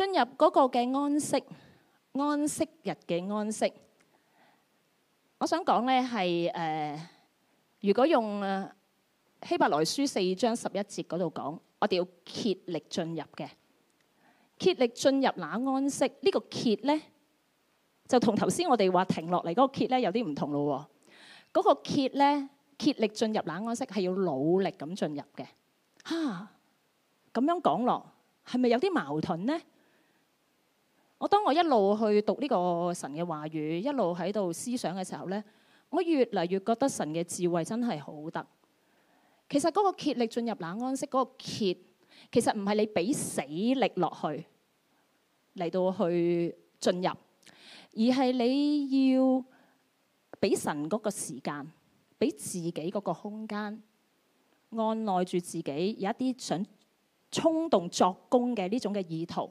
進入嗰個嘅安息，安息日嘅安息，我想講呢係誒，如果用、呃、希伯來書四章十一節嗰度講，我哋要竭力進入嘅，竭力進入那安息，呢、這個竭呢，就呢同頭先我哋話停落嚟嗰個竭呢有啲唔同咯喎，嗰個竭呢竭力進入那安息係要努力咁進入嘅，嚇、啊、咁樣講落係咪有啲矛盾呢？我當我一路去讀呢個神嘅話語，一路喺度思想嘅時候呢，我越嚟越覺得神嘅智慧真係好得。其實嗰個竭力進入那安息嗰、嗰個竭，其實唔係你俾死力落去嚟到去進入，而係你要俾神嗰個時間，俾自己嗰個空間，按耐住自己有一啲想衝動作工嘅呢種嘅意圖。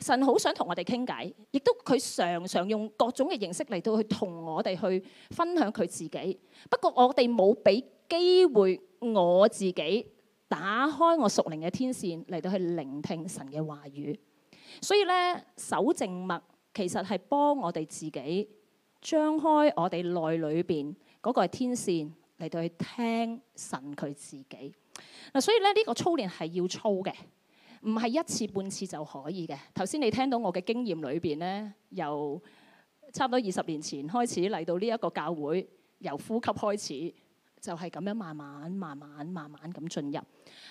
神好想同我哋傾偈，亦都佢常常用各種嘅形式嚟到去同我哋去分享佢自己。不過我哋冇俾機會我自己打開我屬靈嘅天線嚟到去聆聽神嘅話語。所以咧，守靜默其實係幫我哋自己張開我哋內裏邊嗰個係天線嚟到去聽神佢自己。嗱，所以咧呢、呢個操練係要操嘅。唔係一次半次就可以嘅。頭先你聽到我嘅經驗裏邊咧，由差唔多二十年前開始嚟到呢一個教會，由呼吸開始就係咁樣慢慢、慢慢、慢慢咁進入。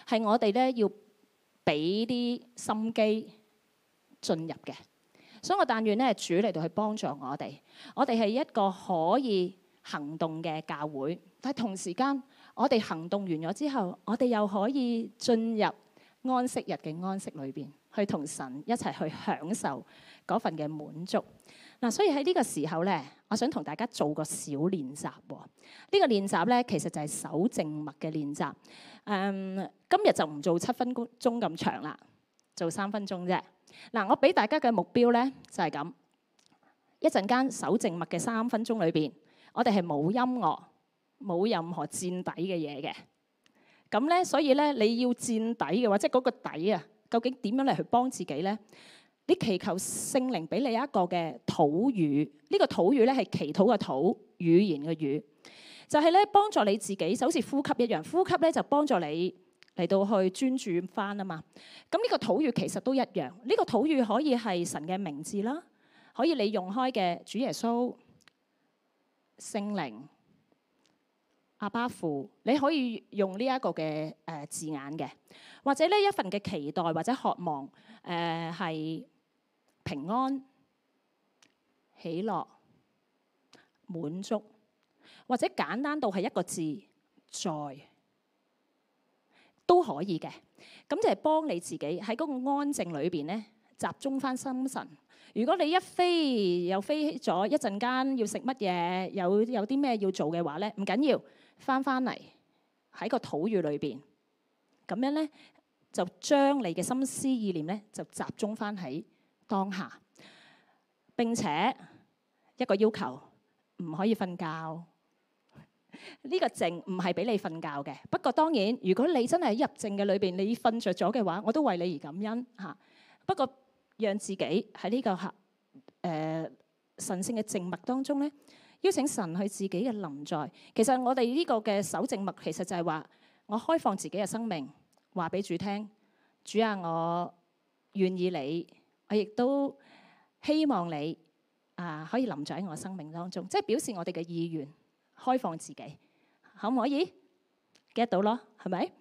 係我哋呢要俾啲心機進入嘅。所以我但願咧係主嚟到去幫助我哋。我哋係一個可以行動嘅教會，但係同時間我哋行動完咗之後，我哋又可以進入。安息日嘅安息裏邊，去同神一齊去享受嗰份嘅滿足。嗱，所以喺呢個時候咧，我想同大家做個小練習。呢個練習咧，其實就係守靜默嘅練習。誒，今日就唔做七分鐘咁長啦，做三分鐘啫。嗱，我俾大家嘅目標咧就係咁，一陣間守靜默嘅三分鐘裏邊，我哋係冇音樂，冇任何墊底嘅嘢嘅。咁咧，所以咧，你要墊底嘅話，即嗰個底啊，究竟點樣嚟去幫自己咧？你祈求聖靈俾你一個嘅禱語，呢個禱語咧係祈禱嘅禱，語言嘅語，就係咧幫助你自己，就好似呼吸一樣。呼吸咧就幫助你嚟到去專注翻啊嘛。咁呢個禱語其實都一樣，呢個禱語可以係神嘅名字啦，可以你用開嘅主耶穌聖靈。阿巴父，你可以用呢一個嘅誒、呃、字眼嘅，或者呢一份嘅期待或者渴望誒係、呃、平安、喜樂、滿足，或者簡單到係一個字在都可以嘅。咁就係幫你自己喺嗰個安靜裏邊咧集中翻心神。如果你一飛又飛咗一陣間要食乜嘢，有有啲咩要做嘅話咧，唔緊要。返返嚟喺個禱語裏邊，咁樣咧就將你嘅心思意念咧就集中返喺當下，並且一個要求唔可以瞓覺。呢、這個靜唔係俾你瞓覺嘅，不過當然如果你真係入靜嘅裏邊你瞓着咗嘅話，我都為你而感恩嚇。不過讓自己喺呢、這個嚇誒、呃、神聖嘅靜默當中咧。邀請神去自己嘅臨在，其實我哋呢個嘅守靜默，其實就係話我開放自己嘅生命，話俾主聽，主啊，我願意你，我亦都希望你啊可以臨在喺我生命當中，即係表示我哋嘅意願，開放自己，可唔可以 get 到咯？係咪？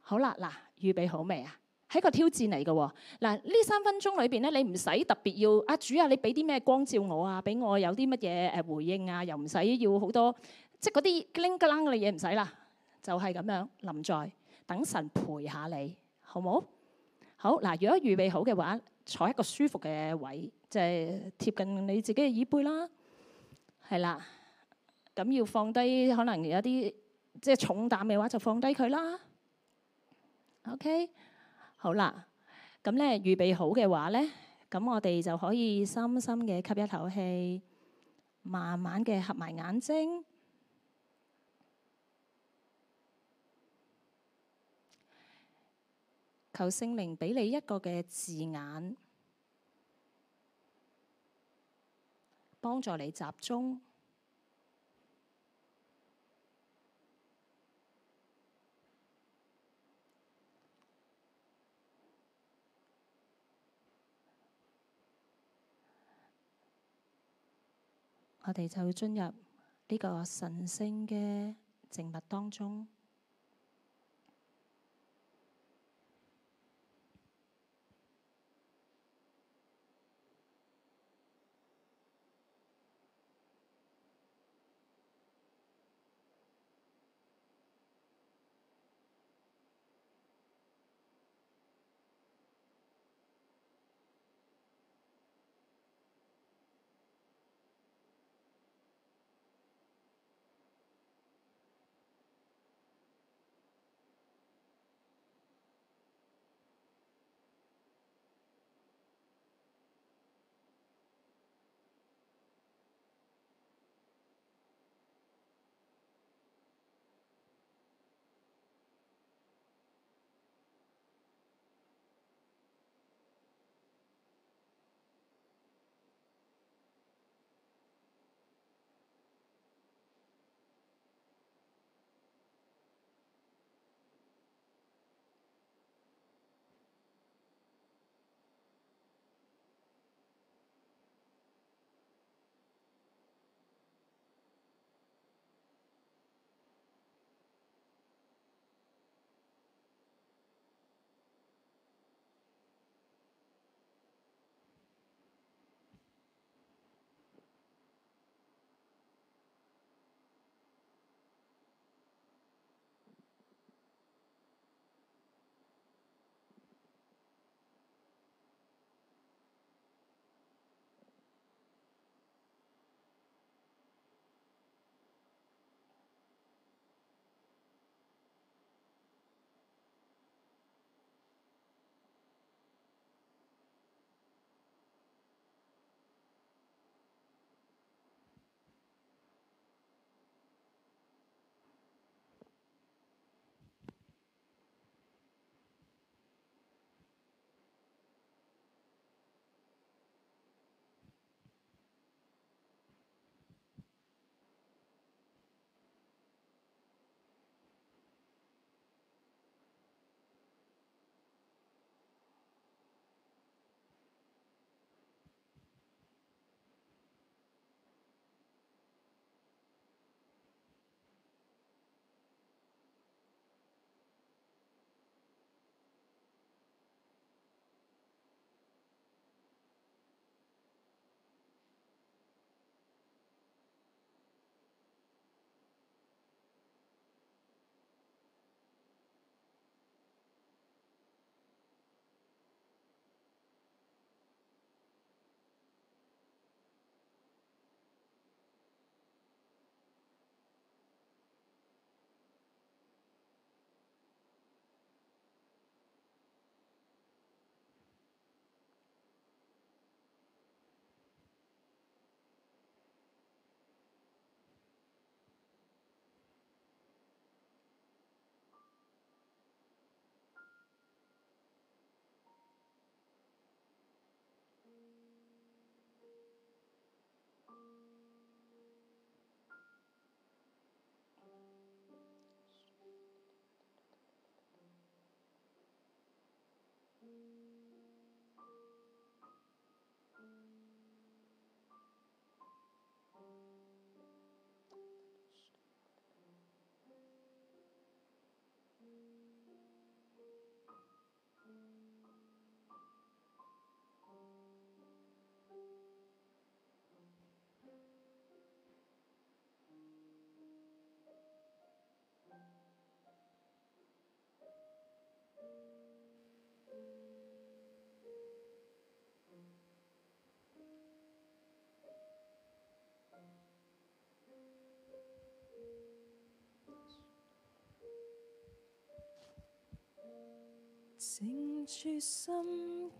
好啦，嗱，預備好未啊？係一個挑戰嚟嘅。嗱，呢三分鐘裏邊咧，你唔使特別要啊主啊，你俾啲咩光照我啊，俾我有啲乜嘢誒回應啊，又唔使要好多即係嗰啲叮噹嘅嘢唔使啦，就係咁樣臨在等神陪下你，好冇好嗱？如果預備好嘅話，坐一個舒服嘅位，即係貼近你自己嘅椅背啦，係啦，咁要放低可能有啲即係重擔嘅話，就放低佢啦。OK。好啦，咁咧預備好嘅話咧，咁我哋就可以深深嘅吸一口氣，慢慢嘅合埋眼睛，求聖靈俾你一個嘅字眼，幫助你集中。我哋就會進入呢個神聖嘅靜默當中。凝住心，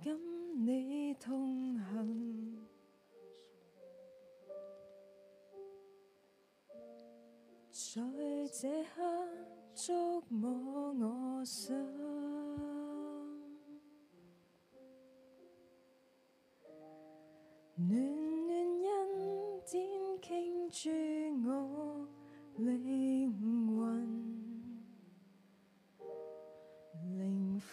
跟你同行，在這刻觸摸我心。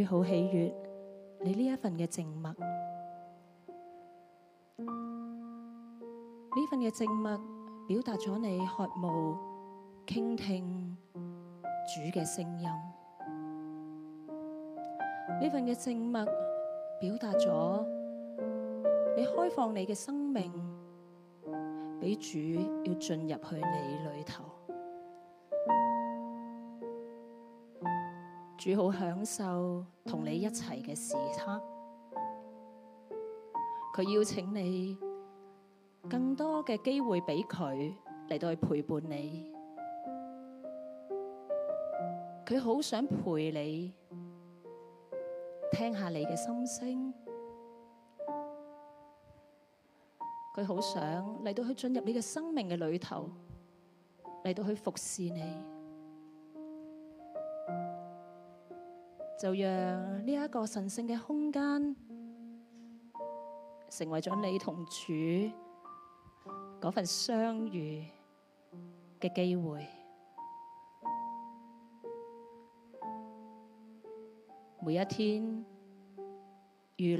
主好喜悅你呢一份嘅靜默，呢份嘅靜默表達咗你渴慕傾聽主嘅聲音。呢份嘅靜默表達咗你開放你嘅生命俾主要進入去你裏頭。主好享受同你一齊嘅時刻，佢邀請你更多嘅機會俾佢嚟到去陪伴你，佢好想陪你聽下你嘅心聲，佢好想嚟到去進入你嘅生命嘅裏頭，嚟到去服侍你。就讓呢一個神聖嘅空間，成為咗你同主嗰份相遇嘅機會。每一天預留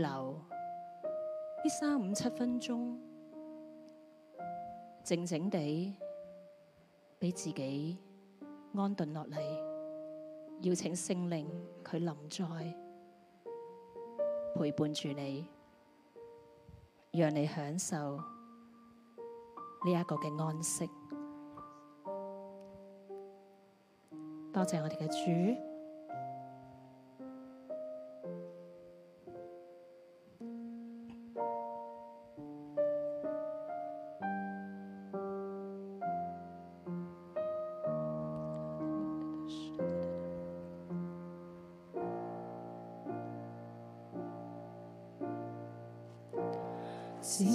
呢三五七分鐘，靜靜地俾自己安頓落嚟。邀請聖靈佢臨在，陪伴住你，讓你享受呢一個嘅安息。多謝我哋嘅主。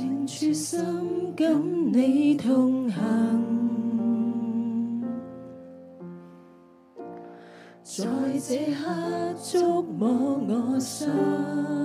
願決心跟你同行，在這刻觸摸我心。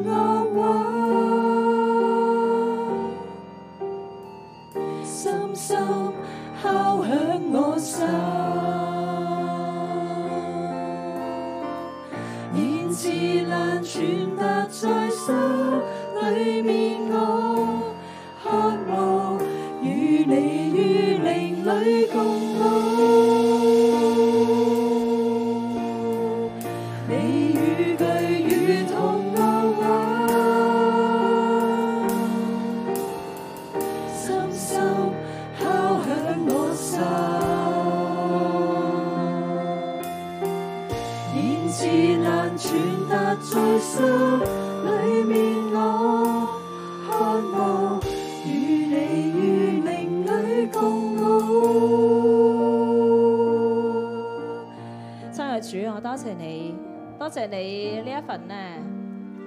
多謝你呢一份呢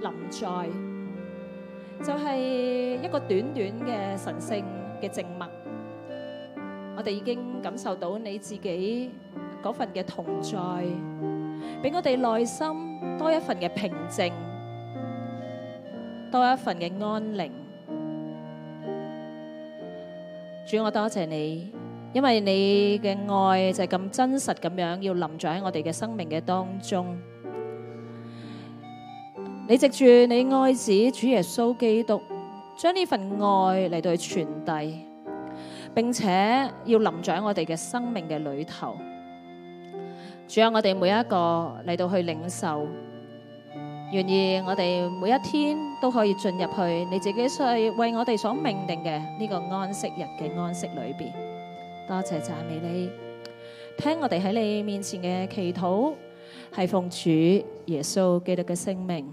臨在，就係一個短短嘅神聖嘅靜默，我哋已經感受到你自己嗰份嘅同在，俾我哋內心多一份嘅平靜，多一份嘅安寧。主，我多謝你，因為你嘅愛就係咁真實，咁樣要臨在喺我哋嘅生命嘅當中。你藉住你愛子主耶穌基督，將呢份愛嚟到去傳遞，並且要臨在我哋嘅生命嘅裏頭，主啊，我哋每一個嚟到去領受，願意我哋每一天都可以進入去你自己所為我哋所命定嘅呢個安息日嘅安息裏邊。多謝讚美你，聽我哋喺你面前嘅祈禱，係奉主耶穌基督嘅聖名。